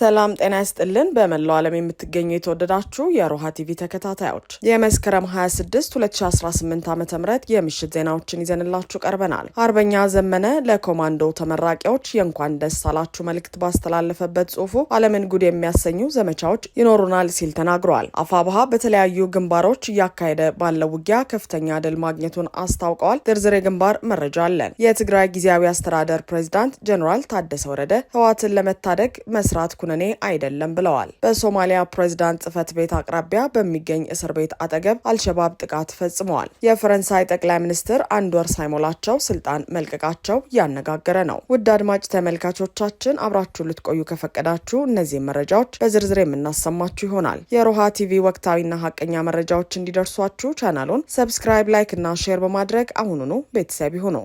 ሰላም ጤና ይስጥልን። በመላው ዓለም የምትገኙ የተወደዳችሁ የሮሃ ቲቪ ተከታታዮች የመስከረም 26 2018 ዓ ም የምሽት ዜናዎችን ይዘንላችሁ ቀርበናል። አርበኛ ዘመነ ለኮማንዶ ተመራቂዎች የእንኳን ደስ አላችሁ መልእክት ባስተላለፈበት ጽሁፉ ዓለምን ጉድ የሚያሰኙ ዘመቻዎች ይኖሩናል ሲል ተናግረዋል። አፋብሃ በተለያዩ ግንባሮች እያካሄደ ባለው ውጊያ ከፍተኛ ድል ማግኘቱን አስታውቀዋል። ዝርዝር የግንባር መረጃ አለን። የትግራይ ጊዜያዊ አስተዳደር ፕሬዚዳንት ጀኔራል ታደሰ ወረደ ህወሓትን ለመታደግ መስራት ኩነኔ አይደለም ብለዋል። በሶማሊያ ፕሬዚዳንት ጽህፈት ቤት አቅራቢያ በሚገኝ እስር ቤት አጠገብ አልሸባብ ጥቃት ፈጽመዋል። የፈረንሳይ ጠቅላይ ሚኒስትር አንድ ወር ሳይሞላቸው ስልጣን መልቀቃቸው እያነጋገረ ነው። ውድ አድማጭ ተመልካቾቻችን አብራችሁ ልትቆዩ ከፈቀዳችሁ እነዚህ መረጃዎች በዝርዝር የምናሰማችሁ ይሆናል። የሮሃ ቲቪ ወቅታዊና ሀቀኛ መረጃዎች እንዲደርሷችሁ ቻናሉን ሰብስክራይብ፣ ላይክ እና ሼር በማድረግ አሁኑኑ ቤተሰብ ይሁኑ።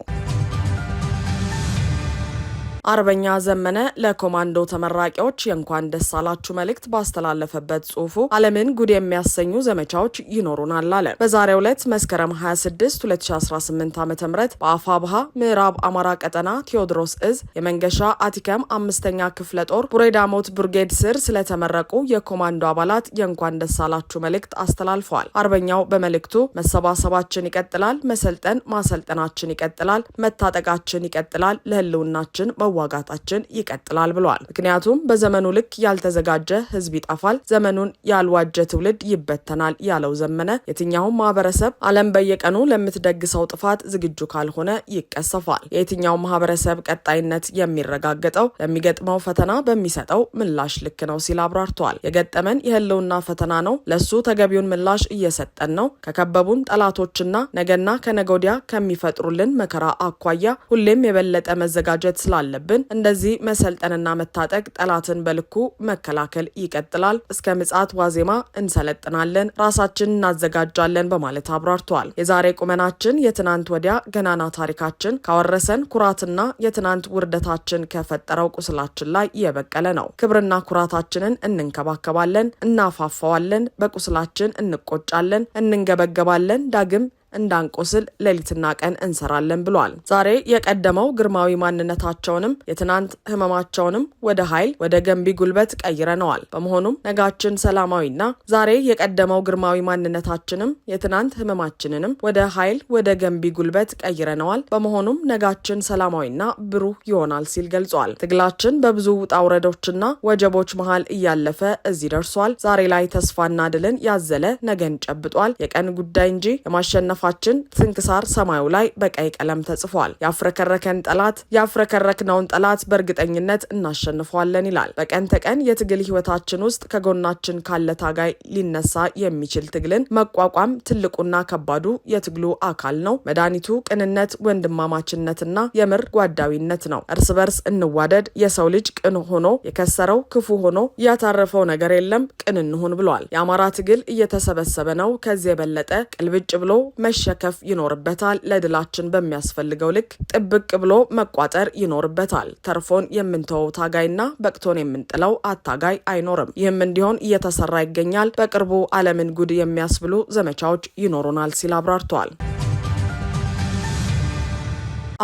አርበኛ ዘመነ ለኮማንዶ ተመራቂዎች የእንኳን ደስ አላችሁ መልእክት ባስተላለፈበት ጽሁፉ ዓለምን ጉድ የሚያሰኙ ዘመቻዎች ይኖሩናል አለ። በዛሬው ዕለት መስከረም 26 2018 ዓ ም በአፋ ባሃ ምዕራብ አማራ ቀጠና ቴዎድሮስ እዝ የመንገሻ አቲከም አምስተኛ ክፍለ ጦር ቡሬዳሞት ብርጌድ ስር ስለተመረቁ የኮማንዶ አባላት የእንኳን ደስ አላችሁ መልእክት አስተላልፈዋል። አርበኛው በመልእክቱ መሰባሰባችን ይቀጥላል፣ መሰልጠን ማሰልጠናችን ይቀጥላል፣ መታጠቃችን ይቀጥላል፣ ለህልውናችን መ መዋጋታችን ይቀጥላል ብለዋል። ምክንያቱም በዘመኑ ልክ ያልተዘጋጀ ህዝብ ይጠፋል፣ ዘመኑን ያልዋጀ ትውልድ ይበተናል ያለው ዘመነ የትኛውም ማህበረሰብ ዓለም በየቀኑ ለምትደግሰው ጥፋት ዝግጁ ካልሆነ ይቀሰፋል። የትኛው ማህበረሰብ ቀጣይነት የሚረጋገጠው ለሚገጥመው ፈተና በሚሰጠው ምላሽ ልክ ነው ሲል አብራርተዋል። የገጠመን የህልውና ፈተና ነው። ለሱ ተገቢውን ምላሽ እየሰጠን ነው። ከከበቡን ጠላቶችና ነገና ከነጎዲያ ከሚፈጥሩልን መከራ አኳያ ሁሌም የበለጠ መዘጋጀት ስላለ አለብን። እንደዚህ መሰልጠንና መታጠቅ ጠላትን በልኩ መከላከል ይቀጥላል። እስከ ምጽአት ዋዜማ እንሰለጥናለን፣ ራሳችን እናዘጋጃለን በማለት አብራርተዋል። የዛሬ ቁመናችን የትናንት ወዲያ ገናና ታሪካችን ካወረሰን ኩራትና የትናንት ውርደታችን ከፈጠረው ቁስላችን ላይ የበቀለ ነው። ክብርና ኩራታችንን እንንከባከባለን፣ እናፋፋዋለን፣ በቁስላችን እንቆጫለን፣ እንንገበገባለን ዳግም እንዳንቆስል ሌሊትና ቀን እንሰራለን ብሏል። ዛሬ የቀደመው ግርማዊ ማንነታቸውንም የትናንት ህመማቸውንም ወደ ኃይል ወደ ገንቢ ጉልበት ቀይረነዋል። በመሆኑም ነጋችን ሰላማዊና ዛሬ የቀደመው ግርማዊ ማንነታችንም የትናንት ህመማችንንም ወደ ኃይል ወደ ገንቢ ጉልበት ቀይረነዋል። በመሆኑም ነጋችን ሰላማዊና ብሩህ ይሆናል ሲል ገልጿል። ትግላችን በብዙ ውጣ ውረዶችና ወጀቦች መሃል እያለፈ እዚህ ደርሷል። ዛሬ ላይ ተስፋና ድልን ያዘለ ነገን ጨብጧል። የቀን ጉዳይ እንጂ የማሸነፍ ጽሑፋችን ስንክሳር ሰማዩ ላይ በቀይ ቀለም ተጽፏል። ያፍረከረከን ጠላት ያፍረከረክነውን ጠላት በእርግጠኝነት እናሸንፈዋለን ይላል። በቀን ተቀን የትግል ህይወታችን ውስጥ ከጎናችን ካለ ታጋይ ሊነሳ የሚችል ትግልን መቋቋም ትልቁና ከባዱ የትግሉ አካል ነው። መድኃኒቱ ቅንነት፣ ወንድማማችነትና የምር ጓዳዊነት ነው። እርስ በርስ እንዋደድ። የሰው ልጅ ቅን ሆኖ የከሰረው ክፉ ሆኖ ያታረፈው ነገር የለም። ቅን እንሁን ብሏል። የአማራ ትግል እየተሰበሰበ ነው። ከዚህ የበለጠ ቅልብጭ ብሎ መ መሸከፍ ይኖርበታል። ለድላችን በሚያስፈልገው ልክ ጥብቅ ብሎ መቋጠር ይኖርበታል። ተርፎን የምንተወው ታጋይና በቅቶን የምንጥለው አታጋይ አይኖርም። ይህም እንዲሆን እየተሰራ ይገኛል። በቅርቡ ዓለምን ጉድ የሚያስብሉ ዘመቻዎች ይኖሩናል ሲል አብራርተዋል።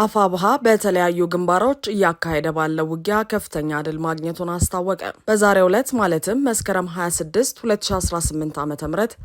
አፋብሃ በተለያዩ ግንባሮች እያካሄደ ባለው ውጊያ ከፍተኛ ድል ማግኘቱን አስታወቀ። በዛሬው ዕለት ማለትም መስከረም 26 2018 ዓ ም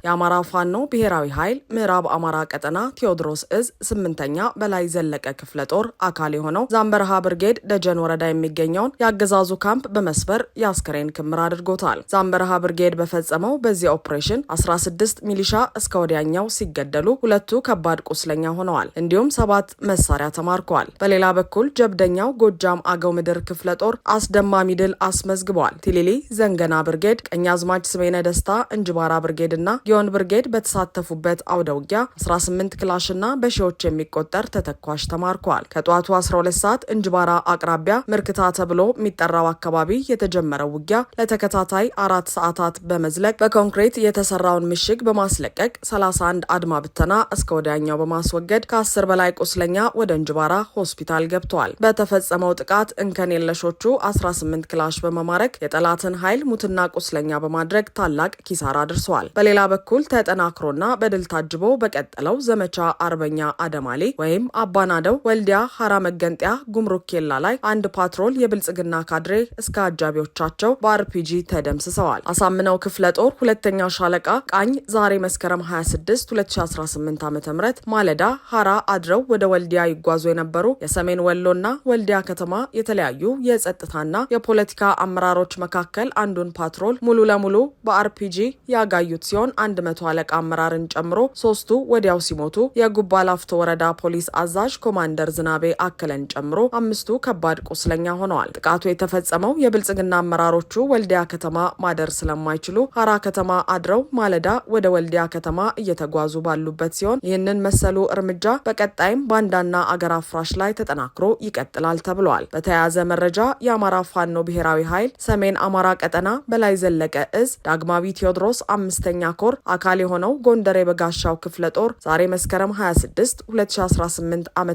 የአማራ ፋኖ ብሔራዊ ኃይል ምዕራብ አማራ ቀጠና ቴዎድሮስ እዝ ስምንተኛ በላይ ዘለቀ ክፍለ ጦር አካል የሆነው ዛምበረሃ ብርጌድ ደጀን ወረዳ የሚገኘውን የአገዛዙ ካምፕ በመስበር የአስከሬን ክምር አድርጎታል። ዛምበረሃ ብርጌድ በፈጸመው በዚህ ኦፕሬሽን 16 ሚሊሻ እስከ ወዲያኛው ሲገደሉ ሁለቱ ከባድ ቁስለኛ ሆነዋል። እንዲሁም ሰባት መሳሪያ ተማር ማርከዋል። በሌላ በኩል ጀብደኛው ጎጃም አገው ምድር ክፍለ ጦር አስደማሚ ድል አስመዝግበዋል። ቲሊሊ ዘንገና ብርጌድ፣ ቀኛዝማች ስሜነ ደስታ እንጅባራ ብርጌድ እና ጊዮን ብርጌድ በተሳተፉበት አውደ ውጊያ 18 ክላሽና በሺዎች የሚቆጠር ተተኳሽ ተማርከዋል። ከጠዋቱ 12 ሰዓት እንጅባራ አቅራቢያ ምርክታ ተብሎ የሚጠራው አካባቢ የተጀመረው ውጊያ ለተከታታይ አራት ሰዓታት በመዝለቅ በኮንክሪት የተሰራውን ምሽግ በማስለቀቅ 31 አድማ ብተና እስከ ወዲያኛው በማስወገድ ከ10 በላይ ቁስለኛ ወደ እንጅባራ በጋራ ሆስፒታል ገብተዋል። በተፈጸመው ጥቃት እንከን የለሾቹ 18 ክላሽ በመማረክ የጠላትን ኃይል ሙትና ቁስለኛ በማድረግ ታላቅ ኪሳራ አድርሰዋል። በሌላ በኩል ተጠናክሮና በድል ታጅቦ በቀጠለው ዘመቻ አርበኛ አደማሌ ወይም አባናደው ወልዲያ ሀራ መገንጠያ ጉምሩክ ኬላ ላይ አንድ ፓትሮል የብልጽግና ካድሬ እስከ አጃቢዎቻቸው በአርፒጂ ተደምስሰዋል። አሳምነው ክፍለ ጦር ሁለተኛ ሻለቃ ቃኝ ዛሬ መስከረም 26 2018 ዓ ም ማለዳ ሀራ አድረው ወደ ወልዲያ ይጓዙ የነበሩ የሰሜን ወሎና ወልዲያ ከተማ የተለያዩ የጸጥታና የፖለቲካ አመራሮች መካከል አንዱን ፓትሮል ሙሉ ለሙሉ በአርፒጂ ያጋዩት ሲሆን አንድ መቶ አለቃ አመራርን ጨምሮ ሶስቱ ወዲያው ሲሞቱ የጉባ ላፍቶ ወረዳ ፖሊስ አዛዥ ኮማንደር ዝናቤ አክለን ጨምሮ አምስቱ ከባድ ቁስለኛ ሆነዋል። ጥቃቱ የተፈጸመው የብልጽግና አመራሮቹ ወልዲያ ከተማ ማደር ስለማይችሉ ሀራ ከተማ አድረው ማለዳ ወደ ወልዲያ ከተማ እየተጓዙ ባሉበት ሲሆን ይህንን መሰሉ እርምጃ በቀጣይም ባንዳና አገራ ፍራሽ ላይ ተጠናክሮ ይቀጥላል ተብሏል። በተያያዘ መረጃ የአማራ ፋኖ ብሔራዊ ኃይል ሰሜን አማራ ቀጠና በላይ ዘለቀ እዝ ዳግማዊ ቴዎድሮስ አምስተኛ ኮር አካል የሆነው ጎንደር የበጋሻው ክፍለ ጦር ዛሬ መስከረም 26 2018 ዓ ም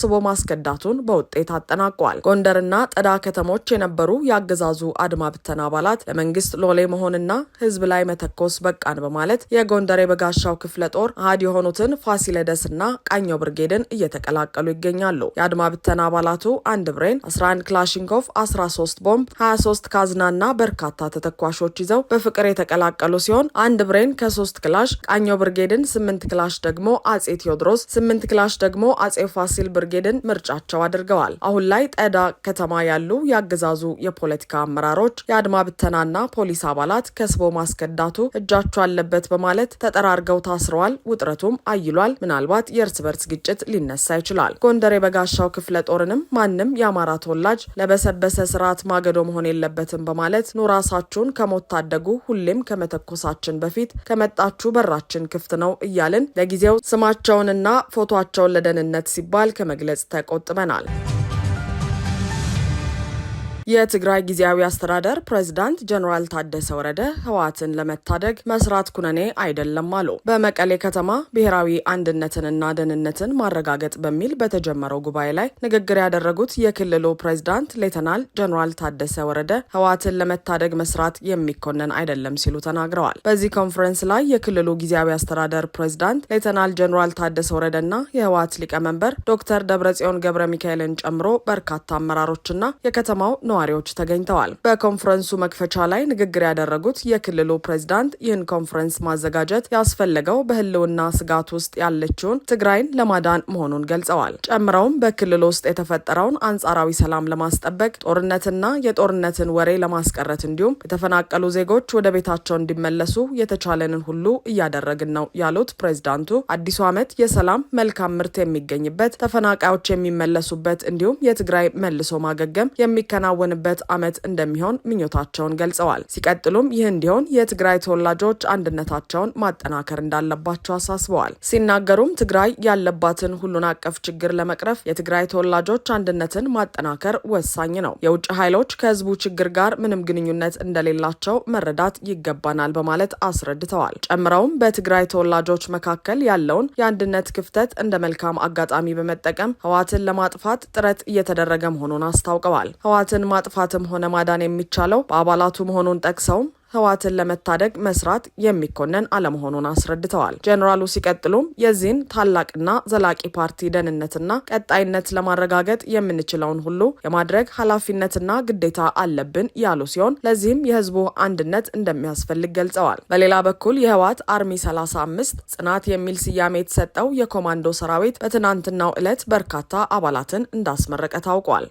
ስቦ ማስከዳቱን በውጤት አጠናቋል። ጎንደርና ጠዳ ከተሞች የነበሩ የአገዛዙ አድማ ብተና አባላት ለመንግስት ሎሌ መሆንና ህዝብ ላይ መተኮስ በቃን በማለት የጎንደር የበጋሻው ክፍለ ጦር አህድ የሆኑትን ፋሲለደስና ቃኘው ብርጌድን እየተቀላቀሉ ይገኛሉ። የአድማ ብተና አባላቱ አንድ ብሬን፣ 11 ክላሽንኮቭ፣ 13 ቦምብ፣ 23 ካዝናና በርካታ ተተኳሾች ይዘው በፍቅር የተቀላቀሉ ሲሆን አንድ ብሬን ከ3 ክላሽ ቃኞ ብርጌድን፣ 8 ክላሽ ደግሞ አጼ ቴዎድሮስ፣ 8 ክላሽ ደግሞ አጼ ፋሲል ብርጌድን ምርጫቸው አድርገዋል። አሁን ላይ ጠዳ ከተማ ያሉ የአገዛዙ የፖለቲካ አመራሮች የአድማ ብተናና ፖሊስ አባላት ከስቦ ማስከዳቱ እጃቸው አለበት በማለት ተጠራርገው ታስረዋል። ውጥረቱም አይሏል። ምናልባት የእርስ በርስ ግጭት ሊነሳ ይችላል። የጎንደር የበጋሻው ክፍለ ጦርንም ማንም የአማራ ተወላጅ ለበሰበሰ ስርዓት ማገዶ መሆን የለበትም በማለት ኑ ራሳችሁን ከሞት ታደጉ፣ ሁሌም ከመተኮሳችን በፊት ከመጣችሁ በራችን ክፍት ነው እያልን ለጊዜው ስማቸውንና ፎቶቸውን ለደህንነት ሲባል ከመግለጽ ተቆጥበናል። የትግራይ ጊዜያዊ አስተዳደር ፕሬዚዳንት ጀኔራል ታደሰ ወረደ ህወሓትን ለመታደግ መስራት ኩነኔ አይደለም አሉ። በመቀሌ ከተማ ብሔራዊ አንድነትንና ደህንነትን ማረጋገጥ በሚል በተጀመረው ጉባኤ ላይ ንግግር ያደረጉት የክልሉ ፕሬዚዳንት ሌተናል ጀኔራል ታደሰ ወረደ ህወሓትን ለመታደግ መስራት የሚኮነን አይደለም ሲሉ ተናግረዋል። በዚህ ኮንፈረንስ ላይ የክልሉ ጊዜያዊ አስተዳደር ፕሬዚዳንት ሌተናል ጀኔራል ታደሰ ወረደና የህወሓት ሊቀመንበር ዶክተር ደብረጽዮን ገብረ ሚካኤልን ጨምሮ በርካታ አመራሮችና የከተማው ነዋሪዎች ተገኝተዋል። በኮንፈረንሱ መክፈቻ ላይ ንግግር ያደረጉት የክልሉ ፕሬዚዳንት ይህን ኮንፈረንስ ማዘጋጀት ያስፈለገው በህልውና ስጋት ውስጥ ያለችውን ትግራይን ለማዳን መሆኑን ገልጸዋል። ጨምረውም በክልሉ ውስጥ የተፈጠረውን አንጻራዊ ሰላም ለማስጠበቅ ጦርነትና የጦርነትን ወሬ ለማስቀረት እንዲሁም የተፈናቀሉ ዜጎች ወደ ቤታቸው እንዲመለሱ የተቻለንን ሁሉ እያደረግን ነው ያሉት ፕሬዚዳንቱ አዲሱ ዓመት የሰላም መልካም ምርት የሚገኝበት ተፈናቃዮች የሚመለሱበት እንዲሁም የትግራይ መልሶ ማገገም የሚከናወ የሚከናወንበት ዓመት እንደሚሆን ምኞታቸውን ገልጸዋል። ሲቀጥሉም ይህ እንዲሆን የትግራይ ተወላጆች አንድነታቸውን ማጠናከር እንዳለባቸው አሳስበዋል። ሲናገሩም ትግራይ ያለባትን ሁሉን አቀፍ ችግር ለመቅረፍ የትግራይ ተወላጆች አንድነትን ማጠናከር ወሳኝ ነው። የውጭ ኃይሎች ከህዝቡ ችግር ጋር ምንም ግንኙነት እንደሌላቸው መረዳት ይገባናል በማለት አስረድተዋል። ጨምረውም በትግራይ ተወላጆች መካከል ያለውን የአንድነት ክፍተት እንደ መልካም አጋጣሚ በመጠቀም ህዋትን ለማጥፋት ጥረት እየተደረገ መሆኑን አስታውቀዋል። ህዋትን ማጥፋትም ሆነ ማዳን የሚቻለው በአባላቱ መሆኑን ጠቅሰውም ህወሓትን ለመታደግ መስራት የሚኮነን አለመሆኑን አስረድተዋል። ጀኔራሉ ሲቀጥሉም የዚህን ታላቅና ዘላቂ ፓርቲ ደህንነትና ቀጣይነት ለማረጋገጥ የምንችለውን ሁሉ የማድረግ ኃላፊነትና ግዴታ አለብን ያሉ ሲሆን ለዚህም የህዝቡ አንድነት እንደሚያስፈልግ ገልጸዋል። በሌላ በኩል የህወሓት አርሚ 35 ጽናት የሚል ስያሜ የተሰጠው የኮማንዶ ሰራዊት በትናንትናው ዕለት በርካታ አባላትን እንዳስመረቀ ታውቋል።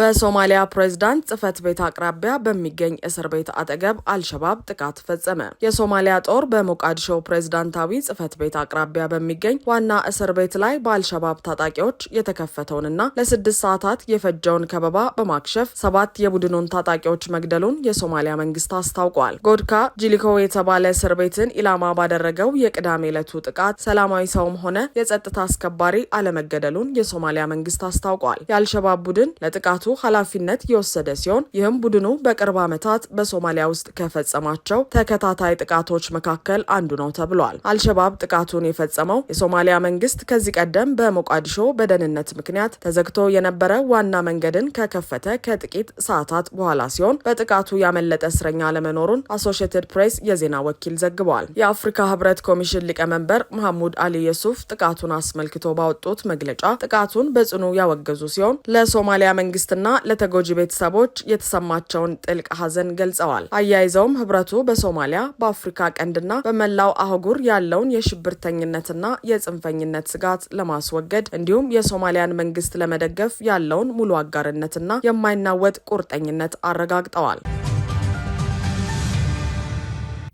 በሶማሊያ ፕሬዝዳንት ጽህፈት ቤት አቅራቢያ በሚገኝ እስር ቤት አጠገብ አልሸባብ ጥቃት ፈጸመ። የሶማሊያ ጦር በሞቃዲሾ ፕሬዝዳንታዊ ጽህፈት ቤት አቅራቢያ በሚገኝ ዋና እስር ቤት ላይ በአልሸባብ ታጣቂዎች የተከፈተውንና ለስድስት ሰዓታት የፈጀውን ከበባ በማክሸፍ ሰባት የቡድኑን ታጣቂዎች መግደሉን የሶማሊያ መንግስት አስታውቋል። ጎድካ ጂሊኮ የተባለ እስር ቤትን ኢላማ ባደረገው የቅዳሜ ዕለቱ ጥቃት ሰላማዊ ሰውም ሆነ የጸጥታ አስከባሪ አለመገደሉን የሶማሊያ መንግስት አስታውቋል። የአልሸባብ ቡድን ለጥቃቱ ኃላፊነት የወሰደ ሲሆን ይህም ቡድኑ በቅርብ ዓመታት በሶማሊያ ውስጥ ከፈጸማቸው ተከታታይ ጥቃቶች መካከል አንዱ ነው ተብሏል። አልሸባብ ጥቃቱን የፈጸመው የሶማሊያ መንግስት ከዚህ ቀደም በሞቃዲሾ በደህንነት ምክንያት ተዘግቶ የነበረ ዋና መንገድን ከከፈተ ከጥቂት ሰዓታት በኋላ ሲሆን በጥቃቱ ያመለጠ እስረኛ አለመኖሩን አሶሽትድ ፕሬስ የዜና ወኪል ዘግቧል። የአፍሪካ ህብረት ኮሚሽን ሊቀመንበር መሐሙድ አሊ የሱፍ ጥቃቱን አስመልክቶ ባወጡት መግለጫ ጥቃቱን በጽኑ ያወገዙ ሲሆን ለሶማሊያ መንግስትና ለህብረትና ለተጎጂ ቤተሰቦች የተሰማቸውን ጥልቅ ሐዘን ገልጸዋል። አያይዘውም ህብረቱ በሶማሊያ በአፍሪካ ቀንድና በመላው አህጉር ያለውን የሽብርተኝነትና የጽንፈኝነት ስጋት ለማስወገድ እንዲሁም የሶማሊያን መንግስት ለመደገፍ ያለውን ሙሉ አጋርነትና የማይናወጥ ቁርጠኝነት አረጋግጠዋል።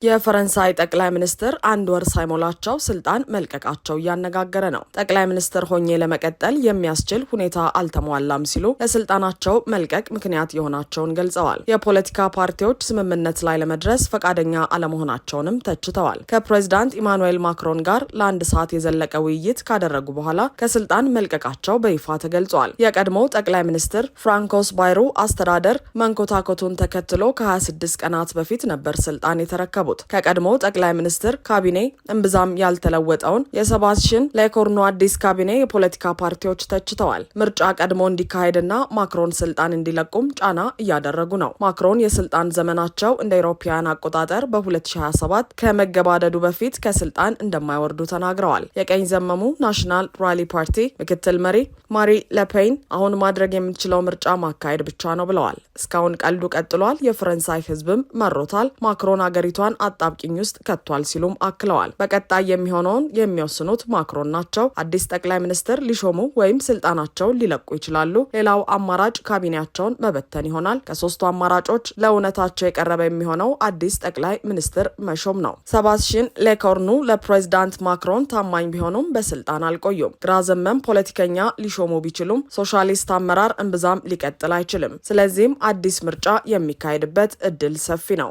የፈረንሳይ ጠቅላይ ሚኒስትር አንድ ወር ሳይሞላቸው ስልጣን መልቀቃቸው እያነጋገረ ነው። ጠቅላይ ሚኒስትር ሆኜ ለመቀጠል የሚያስችል ሁኔታ አልተሟላም ሲሉ ለስልጣናቸው መልቀቅ ምክንያት የሆናቸውን ገልጸዋል። የፖለቲካ ፓርቲዎች ስምምነት ላይ ለመድረስ ፈቃደኛ አለመሆናቸውንም ተችተዋል። ከፕሬዚዳንት ኢማኑኤል ማክሮን ጋር ለአንድ ሰዓት የዘለቀ ውይይት ካደረጉ በኋላ ከስልጣን መልቀቃቸው በይፋ ተገልጿል። የቀድሞው ጠቅላይ ሚኒስትር ፍራንኮስ ባይሩ አስተዳደር መንኮታኮቱን ተከትሎ ከ26 ቀናት በፊት ነበር ስልጣን የተረከበው። ያቀረቡት። ከቀድሞው ጠቅላይ ሚኒስትር ካቢኔ እምብዛም ያልተለወጠውን የሰባሽን ለኮርኖ አዲስ ካቢኔ የፖለቲካ ፓርቲዎች ተችተዋል። ምርጫ ቀድሞ እንዲካሄድና ማክሮን ስልጣን እንዲለቁም ጫና እያደረጉ ነው። ማክሮን የስልጣን ዘመናቸው እንደ አውሮፓውያን አቆጣጠር በ2027 ከመገባደዱ በፊት ከስልጣን እንደማይወርዱ ተናግረዋል። የቀኝ ዘመሙ ናሽናል ራሊ ፓርቲ ምክትል መሪ ማሪ ለፔን አሁን ማድረግ የምንችለው ምርጫ ማካሄድ ብቻ ነው ብለዋል። እስካሁን ቀልዱ ቀጥሏል። የፈረንሳይ ሕዝብም መሮታል። ማክሮን አገሪቷን ሀገሪቷን አጣብቂኝ ውስጥ ከቷል ሲሉም አክለዋል። በቀጣይ የሚሆነውን የሚወስኑት ማክሮን ናቸው። አዲስ ጠቅላይ ሚኒስትር ሊሾሙ ወይም ስልጣናቸውን ሊለቁ ይችላሉ። ሌላው አማራጭ ካቢኔያቸውን መበተን ይሆናል። ከሶስቱ አማራጮች ለእውነታቸው የቀረበ የሚሆነው አዲስ ጠቅላይ ሚኒስትር መሾም ነው። ሰባስሽን ሌኮርኑ ለፕሬዚዳንት ማክሮን ታማኝ ቢሆኑም በስልጣን አልቆዩም። ግራ ዘመም ፖለቲከኛ ሊሾሙ ቢችሉም ሶሻሊስት አመራር እምብዛም ሊቀጥል አይችልም። ስለዚህም አዲስ ምርጫ የሚካሄድበት እድል ሰፊ ነው።